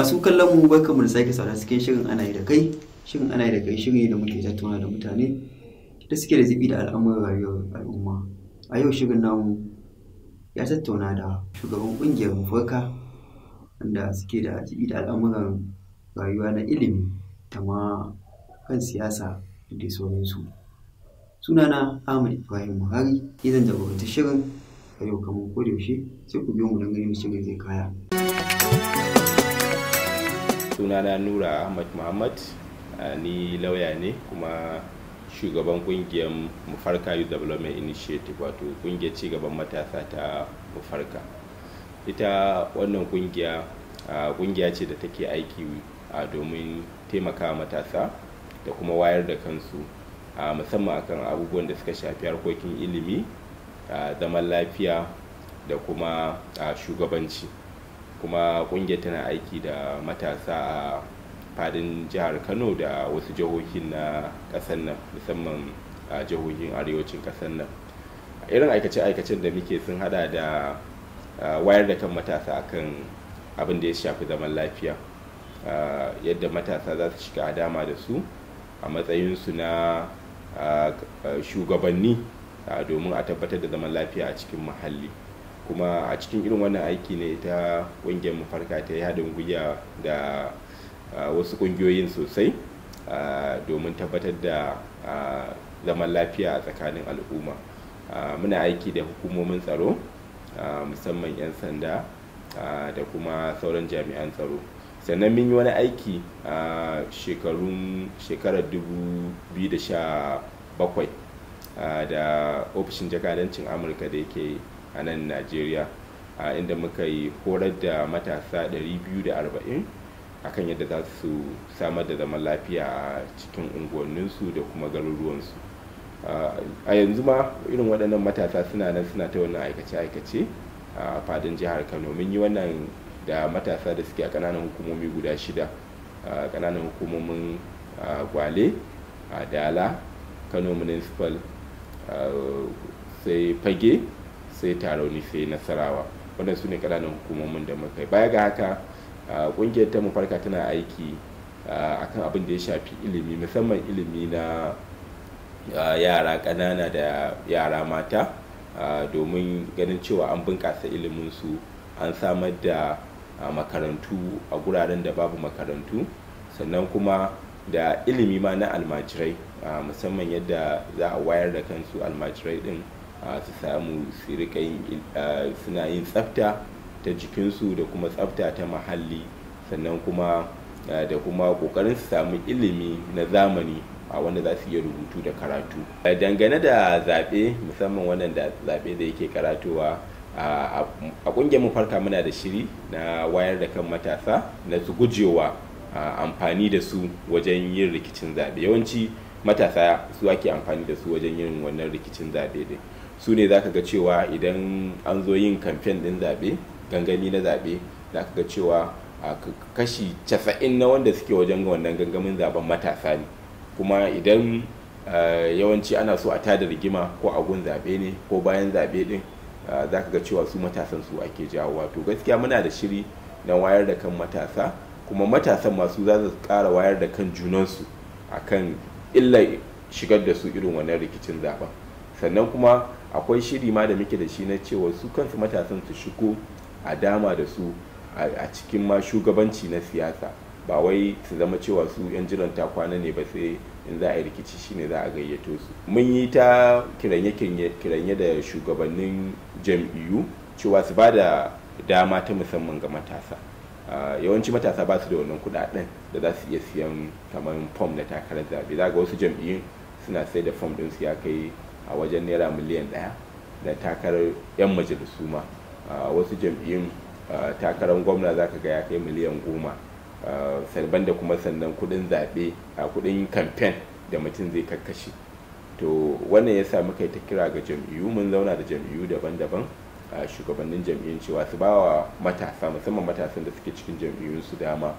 masu kallon mu barka mu da sake saurara cikin shirin ana yi da kai shirin ana yi da kai shirin da muke tattauna da mutane da suke da zibi da al'amuran rayuwar al'umma a yau shirin namu ya tattauna da shugaban kungiyar mafarka wanda suke da zibi da al'amuran rayuwa na ilimi ta ma kan siyasa da dai sauransu sunana ahmad ibrahim buhari zan bukata shirin a yau kamar kodayaushe sai ku biyo mu don ganin shirin zai kaya sunana nura ahmad muhammad ni lauya ne kuma shugaban kungiyar mufarka youth development initiative wato kungiyar cigaban matasa ta mufarka ita wannan kungiya kungiya ce da take aiki domin taimaka matasa da kuma wayar da kansu musamman akan abubuwan da suka shafi harkokin ilimi zaman lafiya da kuma shugabanci kuma kungiyar tana aiki da matasa a fadin jihar kano da wasu jihohin na kasar nan musamman a jihohin arewacin kasar nan irin aikace-aikacen da muke sun hada da wayar da kan matasa kan abin da ya shafi zaman lafiya yadda matasa za su shiga a dama da su a matsayinsu na shugabanni domin a tabbatar da zaman lafiya a cikin muhalli. kuma a cikin irin wannan aiki ne ta ƙungiyar mafarka ta yi haɗin gwiwa da ah, wasu ƙungiyoyin sosai ah, domin tabbatar da ah, zaman lafiya a tsakanin al'umma muna aiki da hukumomin tsaro musamman 'yan sanda da kuma sauran jami'an tsaro sannan mun yi wani aiki a shekarun shekarar 2017 da ofishin jakadancin amurka da yake a nan najeriya a inda muka yi horar da matasa 240 akan yadda za su samar da zaman lafiya a cikin unguwanninsu da kuma garuruwansu a yanzu ma irin waɗannan matasa suna nan suna ta wannan aikace-aikace a fadin jihar kano mun yi wannan da matasa da suke a ƙananan hukumomi guda shida a ƙananan hukumomin gwale dala kano municipal sai fage sai tarauni sai nasarawa wannan su ne kananan hukumomin da muka baya ga haka ƙungiyar ta mafarka tana aiki a kan abin da ya shafi ilimi musamman ilimi na yara ƙanana da yara mata domin ganin cewa an bunƙasa iliminsu an samar da makarantu a guraren da babu makarantu sannan kuma da ilimi ma na almajirai musamman yadda za a wayar da kansu almajirai din su samu su rika suna yin tsafta ta jikinsu da kuma tsafta ta mahalli sannan kuma da kuma kokarin su samu ilimi na zamani a wanda za su iya rubutu da karatu dangane da zaɓe musamman wannan da zaɓe da yake karatuwa a ƙungiyar mu farka muna da shiri na wayar da kan matasa na su gujewa amfani da su wajen yin rikicin zaɓe yawanci matasa su ake amfani da su wajen yin wannan rikicin zaɓe din su ne za ka ga cewa idan an zo yin kamfen din zaɓe gangami na zaɓe za ka ga cewa a kashi casa'in na wanda suke wajen wannan gangamin zaɓen matasa ne kuma idan yawanci ana so a tada rigima ko a gun zaɓe ne ko bayan zaɓe ɗin za ka ga cewa su matasan su ake jawo wato gaskiya muna da shiri na wayar da kan matasa kuma matasan masu za su ƙara wayar da kan junansu akan illa shigar da su irin wannan rikicin zaɓen sannan kuma akwai shiri ma da muke da shi na cewa su kansu matasan su shigo a dama da su a cikin ma shugabanci na siyasa ba wai su zama cewa su yan jiran ta kwana ne ba sai in za a yi rikici shine za a gayyato su mun yi ta kiranye da shugabannin jam'iyyu cewa su ba da dama ta musamman ga matasa yawanci matasa ba su da wannan kudaden da za su iya siyan kamar fom na takarar zaɓe za ga wasu jam'iyyun suna sai da fom su ya kai a wajen naira miliyan ɗaya da takarar 'yan majalisu ma wasu jam'iyyun takarar gwamna zaka ga ya kai miliyan goma salban da kuma sannan kudin zaɓe a kudin kamfen da mutum zai kakashe. to wannan ya sa muka yi ta kira ga jam'iyyu mun zauna da jam'iyyu daban-daban a shugabannin jam'iyyun cewa su bawa matasa musamman matasan da suke cikin jam'iyyun su dama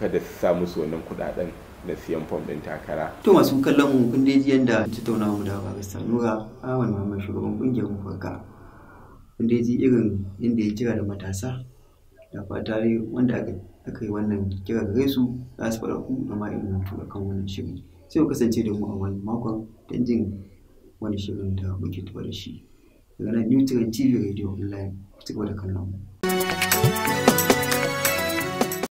kada su sa musu wannan kudaden na siyan fom ɗin takara. To masu kallon mu kun dai yadda tattauna mu da Barista Nura Awan Muhammad shugaban kungiyar mu farka. Kun dai ji irin inda ya kira da matasa da fata wanda aka yi wannan kira gare su za su fara ku da irin mutu a wannan shirin. Sai ku kasance da mu a wani makon don jin wani shirin da muke tuba da shi. Daga nan Trend TV Radio Online ku ci gaba da kallon mu.